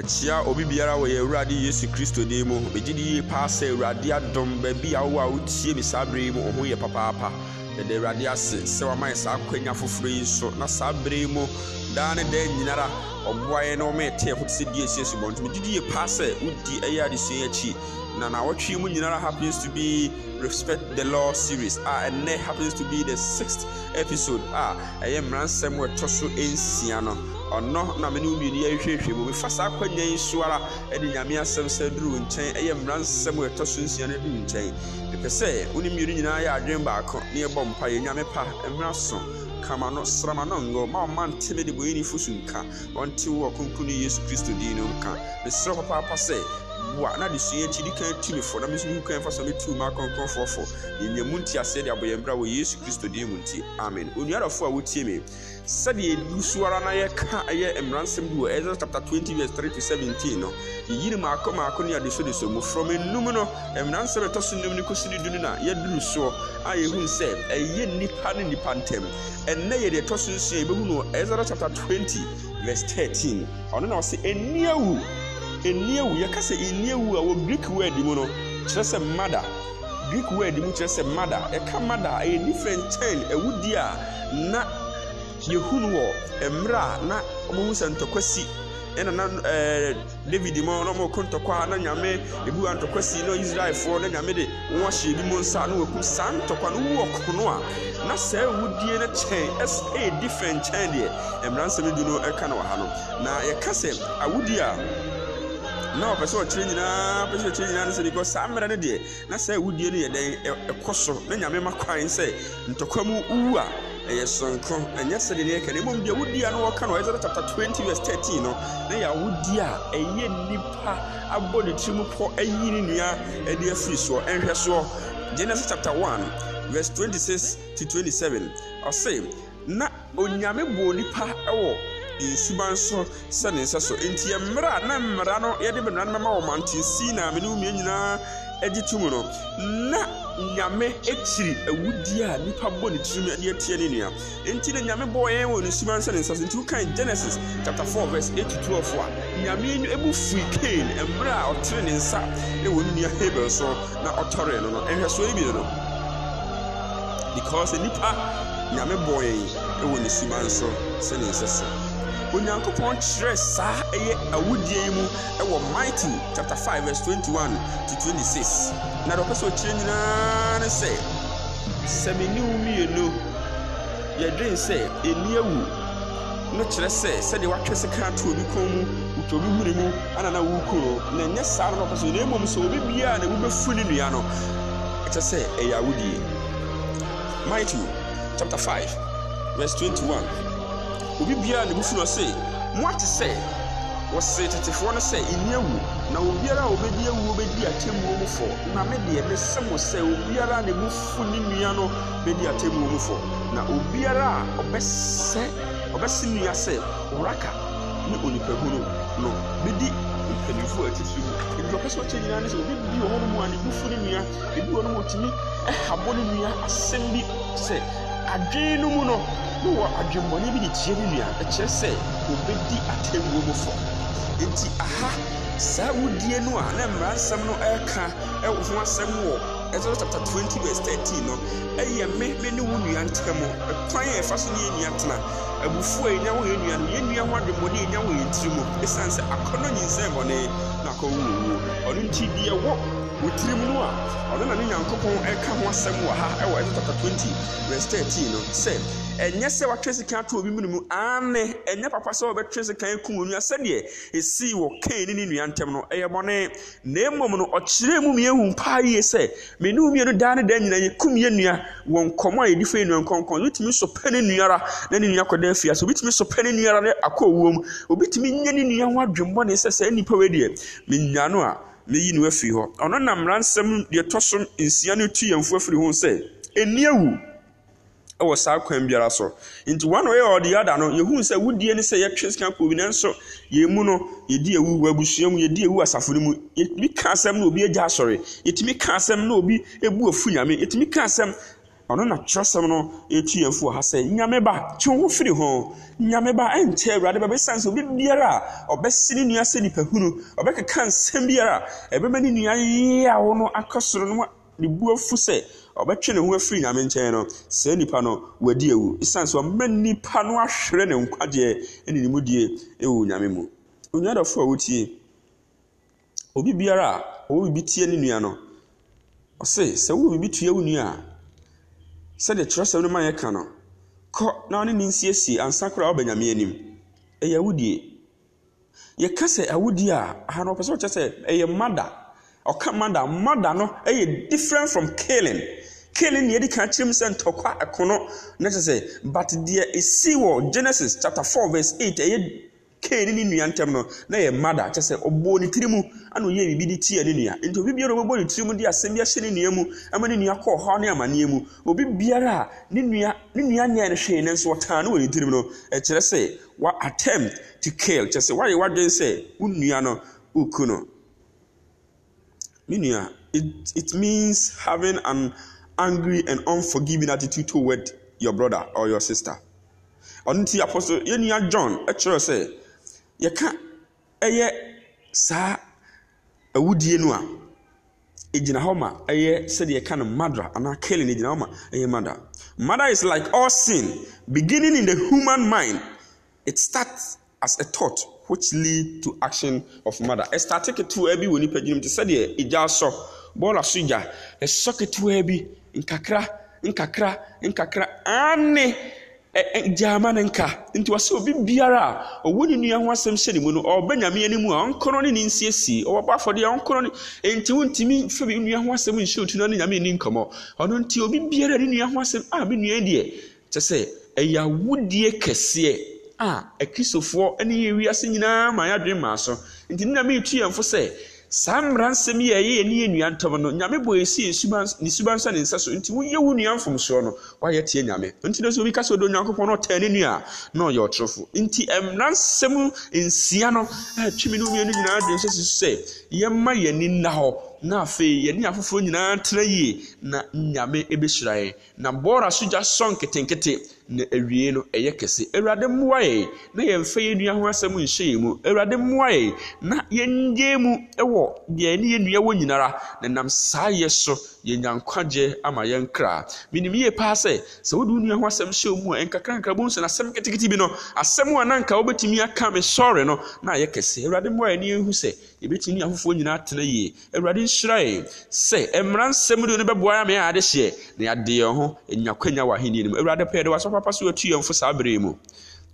ɛkyia obi biara wɔ yɛ awurade yesu kristo din mu megye di yie paa sɛ awurade adom baabi a wowɔ a wotie me saa bere yi mu wo ho yɛ papaapa yɛde awurade ase sɛ wama yɛ saa kwanya foforɔ yi nso na saa berɛ yi mu daa ne daa nyinara ɔboaeɛ na wɔma yɛte ɛho te sɛ die sie subɔntom gyidi yɛ paa sɛ wodi ɛyɛ adesua akyi na nawɔtwe mu nyinara happens to be respect the law series a ɛnɛ happens to be the sixth episode a ɛyɛ mmaransɛm wɔ ɛtɔ so nsia no ɔno na mene mmienu yɛhwehwɛhwɛ mu mefa saa kwanya yi so ara ɛde nyame asɛm sɛ duru wo nkyɛn ɛyɛ mmara nsɛm a ɛtɔ so nsia no duru nkyɛn mepɛ sɛ wo ne mmienu nyinaa yɛ adwene baako na yɛbɔ mpaeɛ nyame pa mmra so kama no srama no ngo ma ɔma nteme de bɔyɛ nifosu nka ɔnte wo wɔ kronkron yesu kristo din no nka mesrɛ papaapa sɛ bu a na de sua akyi de kan tu mi fo na mi nso kan fa so mi tu ma kɔnkɔnfoɔ fo yɛnyɛ mu nti aseɛ de abɔ yɛn bra wɔ yesu kristo din mu nti amen onuadɔfo a wotie me sɛdeɛ ɛdu so ara na yɛka ɛyɛ mmaransɛm bi wɔ ɛsɛ chapter twenty verse three to seventeen no yiyiri maako maako ne adesodeso mmɔfra mu enum no mmaransɛm ɛtɔ so nnum ne kosi ne dunu na yɛduru soɔ a yɛhu sɛ ɛyɛ nnipa ne nnipa ntɛm ɛnnɛ yɛ deɛ ɛtɔ so nsia yɛbɛhu no ɛsɛ chapter twenty verse thirteen ɔno na ɔsɛ ɛni awu ɛni ewu yɛka sɛ ɛni ewu a wɔ greek word mu no kyerɛ sɛ mada greek word mu kyerɛ sɛ mada ɛka mada ɛyɛ different ten ɛwudi a na yɛhunu wɔ mmerɛ a na wɔn sɛ ntɔkwa si ɛna na ɛɛ david mu na wɔn kɔ ntɔkwa na nyame ebu wa ntɔkwa si na israelfoɔ na nyame de wɔn ahyɛ ebi mu nsa na wɔkum saa ntɔkwa no wɔ kono a na saa ewudie no kyɛn ɛs ɛyɛ different kyɛn deɛ mmeranteɛ no du no ɛka na wɔ ha no na yɛka sɛ awudi a. na ɔpɛ sɛ ɔkyerɛ nyinaa ɔpɛ sɛ ɔkyerɛ nyinaa no sɛ nikɔ saa mmerɛ no deɛ na sɛ wudie no yɛ dɛn ɛkɔ so na nyame ma kwan sɛ ntɔkwa mu wu a ɛyɛ sonko ɛnyɛ sɛde ne ɛka ne mmom deɛ wodia no wɔka no ɛsɛ chapta 20 vs 13 no na yɛawodi a ɛyɛ nnipa abɔ ne tirim pɔ ayi ne nua ade afiri soɔ ɛnhwɛ soɔ genesis chapta 1 vs 26 to 27 ɔse na onyame bɔɔ nipa ɛwɔ nsuba nso sɛ ne nsa so nti mmerɛ a na mmerɛ no yɛde bɛnua no bɛma wɔ mante sii na me ne nyinaa agye to mu no na nyame akyiri awudie a nipa bɔ ne tirim ne atia ne nua nti na nyame bɔɔ wɔ ne suba nsa ne nsa so nti wokan genesis chapter 4 verse 8 a nyame no ɛbu firi kain mmerɛ a ɔtere ne nsa wɔ ne nua hebel so na ɔtɔre no no ɛhwɛ so bi no because nipa nyame bɔɔ yɛn wɔ ne suba nso sɛ ne nsa so onyankopɔn kyerɛ saa ɛyɛ awudie yi mu ɛwɔ maiti 521 five verse twenty one to twenty six na deɛ ɔpɛ sɛ nyinaa ne sɛ sɛmeniw mmienu yɛdwen sɛ ɛni awu no kyerɛ sɛ obi kɔn mu obi mu ana na wuku na ɛnyɛ saa no na ɔpɛ na obi biara na ne nua no ɛkyɛ sɛ ɛyɛ obi biara ne bufu no se moate sɛ wɔse tetefoɔ no sɛ ɛni awu na obiara a wɔbɛdi awuo bɛdi atemmuo mu fɔ na me deɛ mesɛ mo sɛ obiara ne bufu ne nua no bɛdi atemmuo mu fɔ na obiara a ɔbɛsɛ ɔbɛse nua sɛ ɔraka ne onipahunu no bɛdi mpanimfoɔ atitiri mu edurɔpɛ sɛ ɔkyɛ nyinaa ne sɛ obi bi wɔ hɔ no mu a ne bufu ne nua ebi wɔ no mu otumi ɛhabɔ ne nua asɛm bi sɛ adwene no mu no na wɔ adwemmɔne bi de kyerɛ ne nua ɛkyerɛ sɛ wɔbɛdi atemmuo mu fɔ enti aha saa wudie no a na mmaransɛm no ɛreka ɛwɔ ho asɛm wɔ Exodus chapter twenty verse thirteen no ɛyɛ me me ne wo nua ntɛm ɛkwan a ɛfa so ne yɛ nua tena abufuo a yɛnya wɔ yɛ nua no yɛ ho adwemmɔne yɛnya wɔ yɛn tiri mu ɛsiane sɛ akɔnɔ nyinsɛn bɔne na akɔwuowuo ɔno nti deɛ wɔ wò tirim no a ɔno na ne nyankopɔn ɛka ho asɛm wɔ ha ɛwɔ ɛso chapter twenty verse thirteen no sɛ ɛnyɛ sɛ watwe sika ato obi mu ane ɛnyɛ papa sɛ wɔbɛtwe sika ekum onua sɛdeɛ esi wɔ kain ne ne nua ntɛm no ɛyɛ bɔne na emom no ɔkyerɛ mu mmienu paa yie sɛ mmienu mmienu daa ne dan nyinaa yɛ kum yɛ nua wɔ nkɔmɔ a yɛdi fa nua nkɔnkɔn obi tumi so pɛ ne nua ra na ne nua kɔ dan fia so obi tumi so pɛ ne nua ra na akɔ owuom obi tumi nye ne nua ho adwemmɔ ne sɛ sɛ nipa wei deɛ menyano a meyi no afiri hɔ ɔno na mmaransɛm deɛ ɛtɔ so nsia no tu yɛmfo afiri ho sɛ ɛni awu ɛwɔ saa kwan biara so nti one way or the other no yɛhu sɛ wodie ne sɛ yɛtwe sika kɔ bi nanso yɛn mu no yɛdi ewu wɔ abusua mu yɛdi ewu asafo no mu yɛtumi ka asɛm na obi agya asɔre yɛtumi ka asɛm na obi ebu efu nyame yɛtumi ka asɛm ɔno na kyerɛsɛm no yɛtu yɛn fo ha sɛ nyame ba twe ho firi ho nyame ba ɛnkyɛ awurade ba bɛsiane sɛ obi biara a ɔbɛsi ne nua sɛ nipahunu ɔbɛkeka nsɛm biara a ɛbɛma ne nua yeawo no akɔ soro no ne bu afu sɛ ɔbɛtwe ne ho afiri nyame nkyɛn no saa nipa no wadi awu ɛsiane sɛ ɔma nipa no ahwerɛ ne nkwagyeɛ ɛne ne mu die ɛwɔ nyame mu onua a wotie obi biara a ɔwɔ biribi tie ne nua no ɔse sɛ wowɔ biribi tua wo nua a sɛdeɛ kyerɛsɛm no ma yɛ ka no kɔ na ɔne ne nsiesie ansa koraa ɔbɛ nyame anim ɛyɛ awudie yɛka sɛ awudie a aha no ɔpɛ sɛ ɔkyɛ sɛ ɛyɛ mada ɔka mada mada no ɛyɛ different from killing killing neɛ yɛde ka kyerɛm sɛ ntɔkwa ɛkono na kyerɛ sɛ but deɛ ɛsi wɔ genesis chapter four verse eight ɛyɛ kee ne ne nua ntɛm no na yɛ mada kyɛ sɛ ɔbɔ ne tiri mu ana oyɛ biribi de tia ne nua nti obi biara ɔbɛbɔ ne tiri mu de asɛm bi ahyɛ ne nua mu ama ne nua kɔ ɔhaw ne amanneɛ mu obi biara a ne nua ne nua nea ne hwee ne nso ɔtaa no wɔ ne tiri mu no ɛkyerɛ sɛ wa attempt to kill kyɛ sɛ wayɛ wadwen sɛ wo nua no woku no me nua it it means having an angry and unforgiving attitude toward your brother or your sister ɔno ti apɔso yɛnua john ɛkyerɛ sɛ yɛka ɛyɛ saa awudie no a egyina hɔ ma ɛyɛ sɛdeɛ yɛka no madra anaa killing egyina hɔ ma ɛyɛ murder murder is like all sin beginning in the human mind it starts as a thought which lead to action of murder ɛstate ketewa bi wɔ nipa gyinom te sɛdeɛ egya asɔ bɔɔla so gya ɛsɔ ketewa bi nkakra nkakra nkakra ane. gyaama ne nka nti wɔsɛ obi biara a ɔwɔ ne nua ho asɛm hyɛ ne mu no ɔbɛ nyame anim a ɔnkɔnɔ ne ne nsiesie ɔwɔbɔ afɔdeɛ ɔnkɔnɔ ne nti wontumi fɛ bi nua ho asɛm nhyɛ otu na ne nyame ani nkɔmmɔ ɔno nti obi biara ne nua ho asɛm a me nua deɛ kyɛ sɛ ɛyɛ awodie kɛseɛ a akristofoɔ ne yɛ wiase nyinaa ma yɛadwene maa so nti ne na meretu yɛn fo sɛ saa mmeransa mi yɛ ɛyɛ yɛn ne yɛ no nyame bɔ esi ne subansa ne nsa so nti woyɛ wo nua mfomsoɔ no wayɛ tie nyame nti no so obi kasa odo nyankopɔn na ɔtaa ne nua na ɔyɛ ɔtorofo nti mmeransa mu nsia no ɛtwi mi no mmienu nyinaa de nhyɛ soso sɛ yɛmma yɛn ni nna hɔ na afei yɛne afoforɔ nyinaa tena yie na nyame ɛbɛhyira yɛn na bɔɔra so gya nketenkete na awie no ɛyɛ kɛse awurade mmoa yɛn na yɛmfa yɛn nua ho asɛm nhyɛ yɛn mu awurade mmoa yɛn na yɛngye mu wɔ yɛn ne yɛn nua wɔ nyinara na nam saa yɛ so yɛnya nkwagye ama yɛn kra menim yie paa sɛ sɛ wode wo nua ho asɛm hyɛ mu a ɛnkakrankra bohu sɛ nasɛm ketekete bi no asɛm a na anka wobɛtumi aka me sɔre no na ayɛ kɛse awurade mmoa yɛn ne yɛhu sɛ yɛbɛtumi ne afoforɔ nyinaa tena yie awurade nhyira yɛn sɛ mmara nsɛm de no bɛboa ama yɛn adehyeɛ na yɛade ho ɛnyakwanya wɔ ahenni no mu awurade pɛɛ de wasɔfo Papa, so watu yɛn fo saa berɛ mu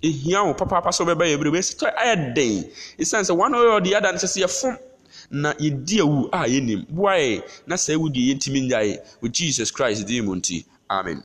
ɛhia wo papaapa sɛ wobɛba yɛ berɛ mu ɛsi kra ayɛ den ɛsiane sɛ one ɔyɛ ɔde ada no sɛ sɛ yɛfom na yɛdi awu a yɛnim boaɛ na saa awu deɛ yɛntumi nyae wɔ jesus christ din mu nti amen